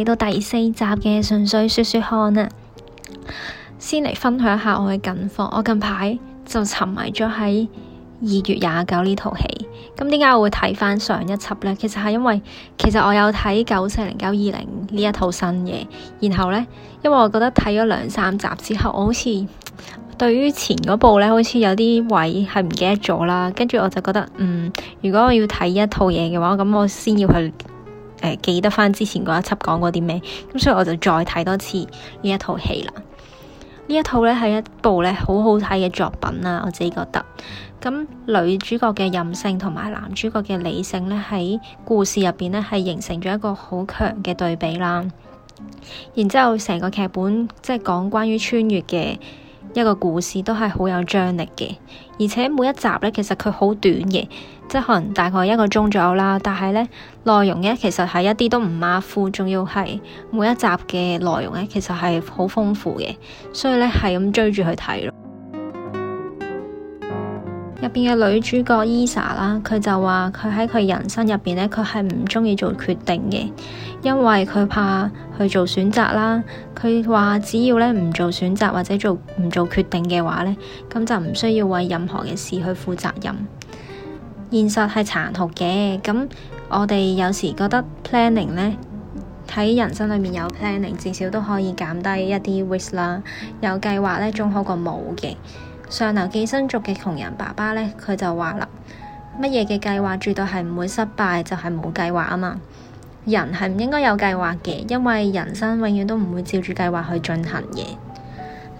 睇到第四集嘅，純粹說說看啊！先嚟分享下我嘅近況。我近排就沉迷咗喺二月廿九呢套戲。咁點解我會睇翻上一集呢？其實係因為其實我有睇九四零九二零呢一套新嘢。然後呢，因為我覺得睇咗兩三集之後，我好似對於前嗰部呢，好似有啲位係唔記得咗啦。跟住我就覺得，嗯，如果我要睇一套嘢嘅話，咁我先要去。誒，記得翻之前嗰一輯講過啲咩，咁所以我就再睇多次呢一套戲啦。呢一套呢係一部呢好好睇嘅作品啦，我自己覺得。咁女主角嘅任性同埋男主角嘅理性呢，喺故事入邊呢係形成咗一個好強嘅對比啦。然之後成個劇本即係講關於穿越嘅。一個故事都係好有張力嘅，而且每一集呢其實佢好短嘅，即係可能大概一個鐘左右啦。但係呢內容呢其實係一啲都唔馬虎，仲要係每一集嘅內容呢其實係好豐富嘅，所以呢係咁追住去睇咯。變嘅女主角 Elsa 啦，佢就話佢喺佢人生入邊呢，佢係唔中意做決定嘅，因為佢怕去做選擇啦。佢話只要呢唔做選擇或者做唔做決定嘅話呢，咁就唔需要為任何嘅事去負責任。現實係殘酷嘅，咁我哋有時覺得 planning 呢，喺人生裏面有 planning，至少都可以減低一啲 risk 啦。有計劃呢，仲好過冇嘅。上流寄生族嘅窮人爸爸呢，佢就話啦：乜嘢嘅計劃絕對係唔會失敗，就係冇計劃啊嘛！人係唔應該有計劃嘅，因為人生永遠都唔會照住計劃去進行嘅。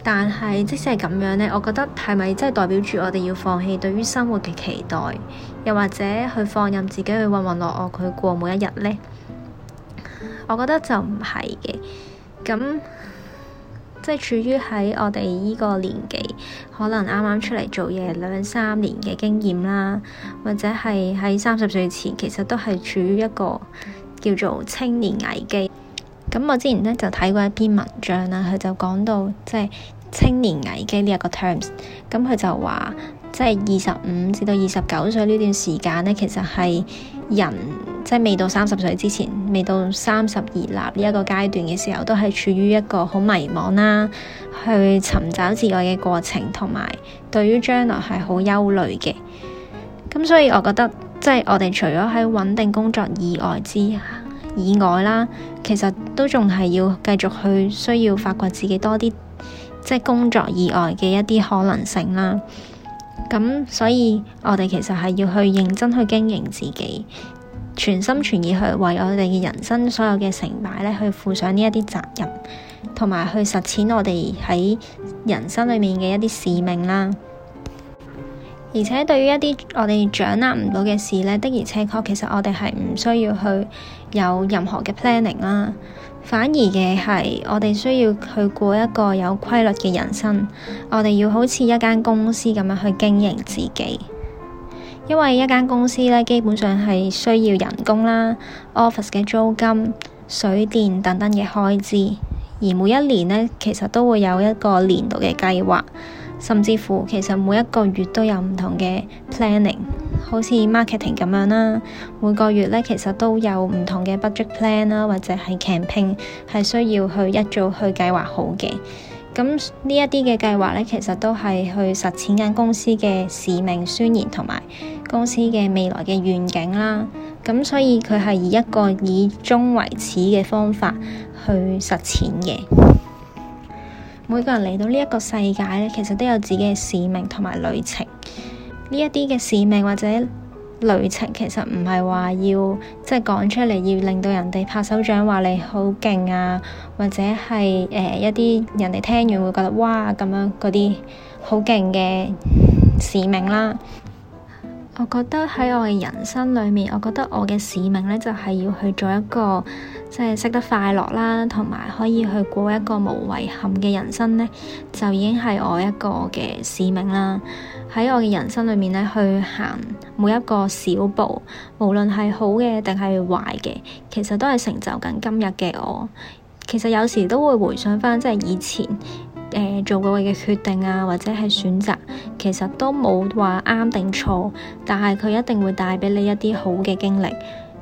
但係即使係咁樣呢，我覺得係咪真係代表住我哋要放棄對於生活嘅期待，又或者去放任自己去渾渾噩噩去過每一日呢？我覺得就唔係嘅。咁即係處於喺我哋呢個年紀，可能啱啱出嚟做嘢兩三年嘅經驗啦，或者係喺三十歲前，其實都係處於一個叫做青年危機。咁我之前咧就睇過一篇文章啦，佢就講到即係、就是、青年危機呢一個 terms。咁佢就話即係二十五至到二十九歲呢段時間呢，其實係人。即係未到三十歲之前，未到三十而立呢一個階段嘅時候，都係處於一個好迷茫啦，去尋找自愛嘅過程，同埋對於將來係好憂慮嘅。咁所以，我覺得即係我哋除咗喺穩定工作以外之以外啦，其實都仲係要繼續去需要發掘自己多啲，即係工作以外嘅一啲可能性啦。咁所以，我哋其實係要去認真去經營自己。全心全意去為我哋嘅人生所有嘅成敗咧，去負上呢一啲責任，同埋去實踐我哋喺人生裏面嘅一啲使命啦。而且對於一啲我哋掌握唔到嘅事咧，的而且確，其實我哋係唔需要去有任何嘅 planning 啦，反而嘅係我哋需要去過一個有規律嘅人生，我哋要好似一間公司咁樣去經營自己。因為一間公司咧，基本上係需要人工啦、啊、office 嘅租金、水電等等嘅開支，而每一年呢，其實都會有一個年度嘅計劃，甚至乎其實每一個月都有唔同嘅 planning，mm hmm. 好似 marketing 咁樣啦，每個月呢，其實都有唔同嘅 budget plan 啦，或者係 campaign 係需要去一早去計劃好嘅。咁呢一啲嘅計劃呢，其實都係去實踐緊公司嘅使命宣言同埋公司嘅未來嘅願景啦。咁所以佢係以一個以終為始嘅方法去實踐嘅。每個人嚟到呢一個世界呢，其實都有自己嘅使命同埋旅程。呢一啲嘅使命或者旅程其實唔係話要即係講出嚟，要令到人哋拍手掌話你好勁啊，或者係誒、呃、一啲人哋聽完會覺得哇咁樣嗰啲好勁嘅使命啦。我覺得喺我嘅人生裏面，我覺得我嘅使命咧就係要去做一個即係識得快樂啦，同埋可以去過一個無遺憾嘅人生咧，就已經係我一個嘅使命啦。喺我嘅人生裏面咧，去行每一個小步，無論係好嘅定係壞嘅，其實都係成就緊今日嘅我。其實有時都會回想翻，即係以前。誒、呃，做過嘅決定啊，或者係選擇，其實都冇話啱定錯，但係佢一定會帶俾你一啲好嘅經歷，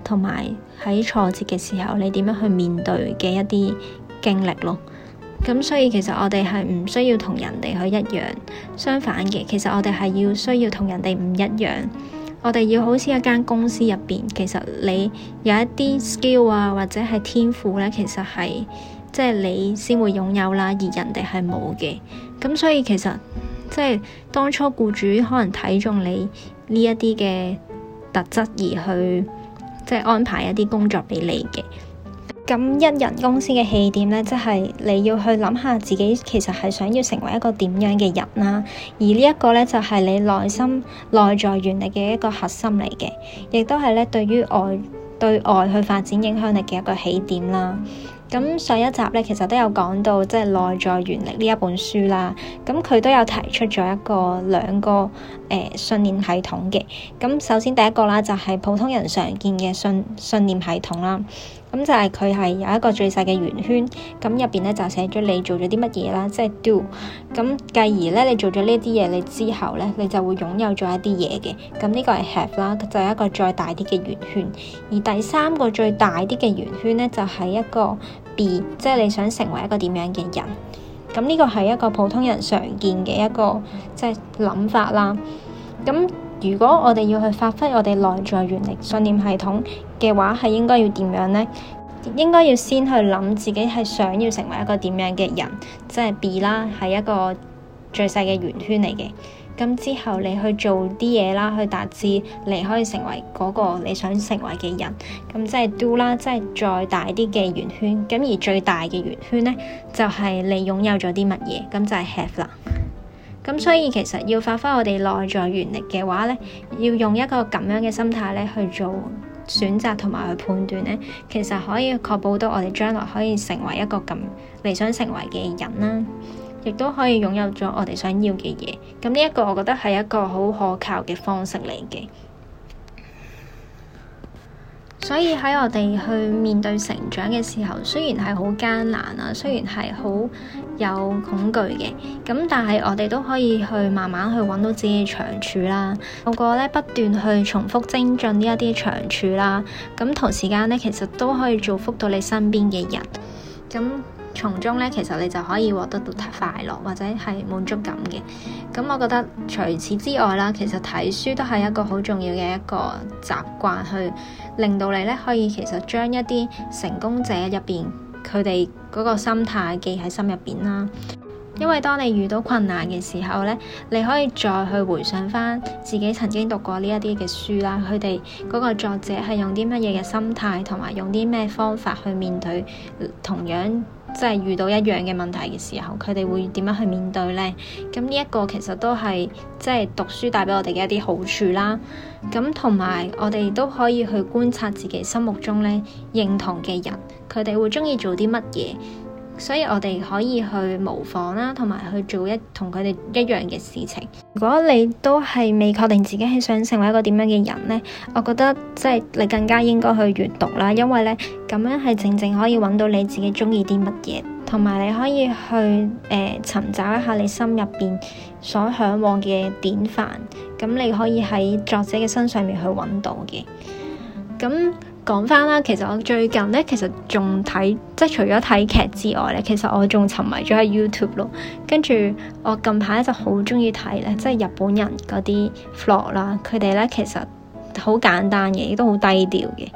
同埋喺挫折嘅時候你點樣去面對嘅一啲經歷咯。咁所以其實我哋係唔需要同人哋去一樣，相反嘅，其實我哋係要需要同人哋唔一樣，我哋要好似一間公司入邊，其實你有一啲 skill 啊，或者係天賦呢，其實係。即係你先會擁有啦，而人哋係冇嘅。咁所以其實即係當初僱主可能睇中你呢一啲嘅特質，而去即係安排一啲工作俾你嘅。咁一人公司嘅起點呢，即係你要去諗下自己其實係想要成為一個點樣嘅人啦。而呢一個呢，就係你內心內在原理嘅一個核心嚟嘅，亦都係呢對於外對外去發展影響力嘅一個起點啦。咁上一集咧，其實都有講到即係《就是、內在原力》呢一本書啦。咁佢都有提出咗一個兩個誒信念系統嘅。咁首先第一個啦，就係、是、普通人常見嘅信信念系統啦。咁就係佢係有一個最細嘅圓圈，咁入邊咧就寫咗你做咗啲乜嘢啦，即係 do。咁繼而咧，你做咗呢啲嘢，你之後咧，你就會擁有咗一啲嘢嘅。咁呢個係 have 啦，就係一個再大啲嘅圓圈。而第三個最大啲嘅圓圈咧，就係一個 be，即係你想成為一個點樣嘅人。咁呢個係一個普通人常見嘅一個即係諗法啦。咁如果我哋要去發揮我哋內在原力、信念系統嘅話，係應該要點樣呢？應該要先去諗自己係想要成為一個點樣嘅人，即係 Be 啦，係一個最細嘅圓圈嚟嘅。咁之後你去做啲嘢啦，去達至你可以成為嗰個你想成為嘅人。咁即係 Do 啦，即係再大啲嘅圓圈。咁而最大嘅圓圈呢，就係、是、你擁有咗啲乜嘢，咁就係 Have 啦。咁所以其實要發揮我哋內在原力嘅話呢，要用一個咁樣嘅心態咧去做選擇同埋去判斷呢，其實可以確保到我哋將來可以成為一個咁理想成為嘅人啦，亦都可以擁有咗我哋想要嘅嘢。咁呢一個我覺得係一個好可靠嘅方式嚟嘅。所以喺我哋去面對成長嘅時候，雖然係好艱難啊，雖然係好有恐懼嘅，咁但係我哋都可以去慢慢去揾到自己嘅長處啦，透過咧不斷去重複精進呢一啲長處啦，咁同時間咧其實都可以造福到你身邊嘅人，咁。從中咧，其實你就可以獲得到快樂或者係滿足感嘅。咁我覺得除此之外啦，其實睇書都係一個好重要嘅一個習慣，去令到你咧可以其實將一啲成功者入邊佢哋嗰個心態記喺心入邊啦。因為當你遇到困難嘅時候呢，你可以再去回想翻自己曾經讀過呢一啲嘅書啦，佢哋嗰個作者係用啲乜嘢嘅心態，同埋用啲咩方法去面對同樣即係、就是、遇到一樣嘅問題嘅時候，佢哋會點樣去面對呢？咁呢一個其實都係即係讀書帶俾我哋嘅一啲好處啦。咁同埋我哋都可以去觀察自己心目中呢認同嘅人，佢哋會中意做啲乜嘢？所以我哋可以去模仿啦，同埋去做一同佢哋一樣嘅事情。如果你都係未確定自己係想成為一個點樣嘅人咧，我覺得即係、就是、你更加應該去閱讀啦，因為咧咁樣係正正可以揾到你自己中意啲乜嘢，同埋你可以去誒尋、呃、找一下你心入邊所向往嘅典範，咁你可以喺作者嘅身上面去揾到嘅。咁講翻啦，其實我最近咧，其實仲睇，即係除咗睇劇之外咧，其實我仲沉迷咗喺 YouTube 咯。跟住我近排就好中意睇咧，即係日本人嗰啲 vlog 啦，佢哋咧其實好簡單嘅，亦都好低調嘅。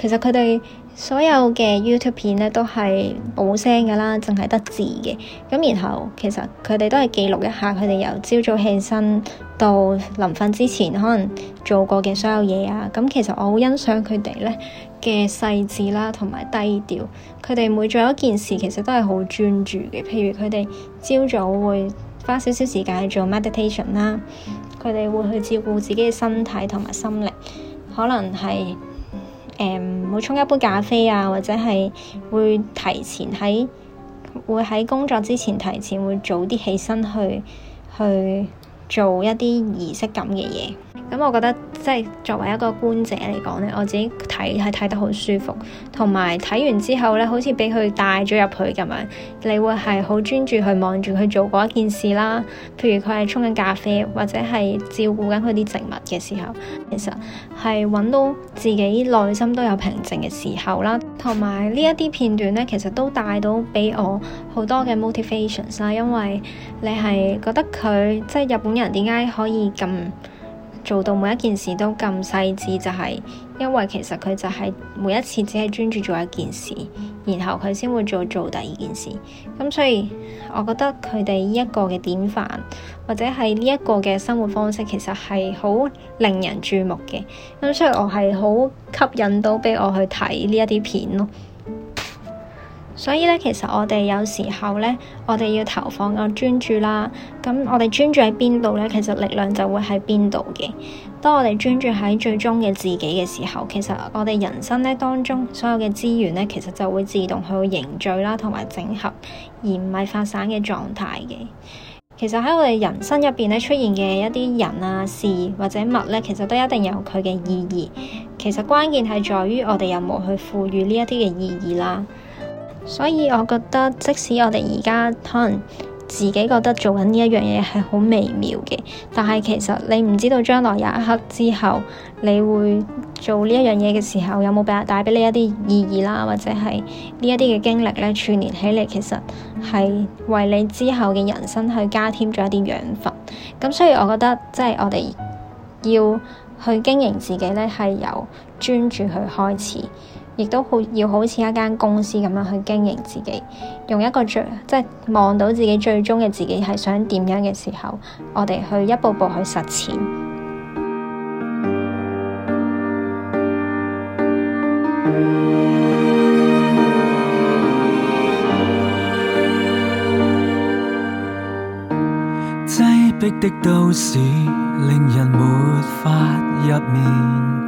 其實佢哋，所有嘅 YouTube 片咧都係冇聲噶啦，淨係得字嘅。咁然後其實佢哋都係記錄一下佢哋由朝早起身到臨瞓之前可能做過嘅所有嘢啊。咁其實我好欣賞佢哋咧嘅細緻啦，同埋低調。佢哋每做一件事其實都係好專注嘅。譬如佢哋朝早會花少少時間去做 meditation 啦，佢哋會去照顧自己嘅身體同埋心靈，可能係。誒，會沖、um, 一杯咖啡啊，或者係會提前喺會喺工作之前提前會早啲起身去去做一啲儀式感嘅嘢。咁我覺得即係作為一個觀者嚟講咧，我自己睇係睇得好舒服，同埋睇完之後咧，好似俾佢帶咗入去咁樣，你會係好專注去望住佢做嗰一件事啦。譬如佢係沖緊咖啡，或者係照顧緊佢啲植物嘅時候，其實係揾到自己內心都有平靜嘅時候啦。同埋呢一啲片段咧，其實都帶到俾我好多嘅 motivations 啦，因為你係覺得佢即係日本人點解可以咁～做到每一件事都咁細緻，就係因為其實佢就係每一次只係專注做一件事，然後佢先會做做第二件事。咁所以我覺得佢哋呢一個嘅典範，或者係呢一個嘅生活方式，其實係好令人注目嘅。咁所以，我係好吸引到俾我去睇呢一啲片咯。所以咧，其實我哋有時候咧，我哋要投放個專注啦。咁我哋專注喺邊度咧，其實力量就會喺邊度嘅。當我哋專注喺最終嘅自己嘅時候，其實我哋人生咧當中所有嘅資源咧，其實就會自動去凝聚啦，同埋整合，而唔係發散嘅狀態嘅。其實喺我哋人生入邊咧出現嘅一啲人啊、事或者物咧，其實都一定有佢嘅意義。其實關鍵係在於我哋有冇去賦予呢一啲嘅意義啦。所以我覺得，即使我哋而家可能自己覺得做緊呢一樣嘢係好微妙嘅，但係其實你唔知道將來有一刻之後，你會做呢一樣嘢嘅時候，有冇俾人帶俾你一啲意義啦，或者係呢一啲嘅經歷咧，串聯起嚟，其實係為你之後嘅人生去加添咗一啲養分。咁所以我覺得，即係我哋要去經營自己呢，係由專注去開始。亦都好要好似一間公司咁樣去經營自己， 用一個最即係望到自己最終嘅自己係想點樣嘅時候，我哋去一步步去實踐。擠迫的都市令人沒法入眠。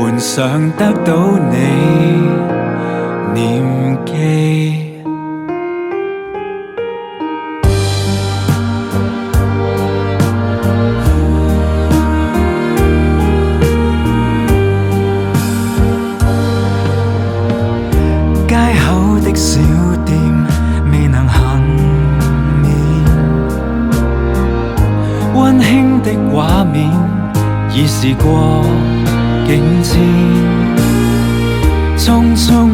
幻想得到你。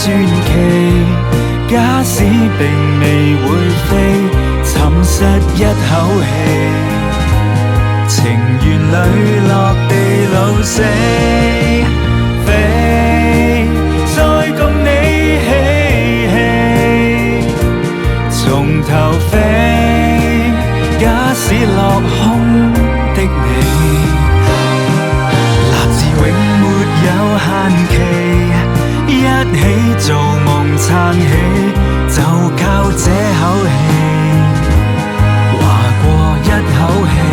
傳奇，假使並未會飛，沉實一口氣，情願墜落地老死。飛，再共你嬉戲，從頭飛。假使落空的你，立志永沒有限期。一起做夢，撐起，就靠這口氣，捱過一口氣。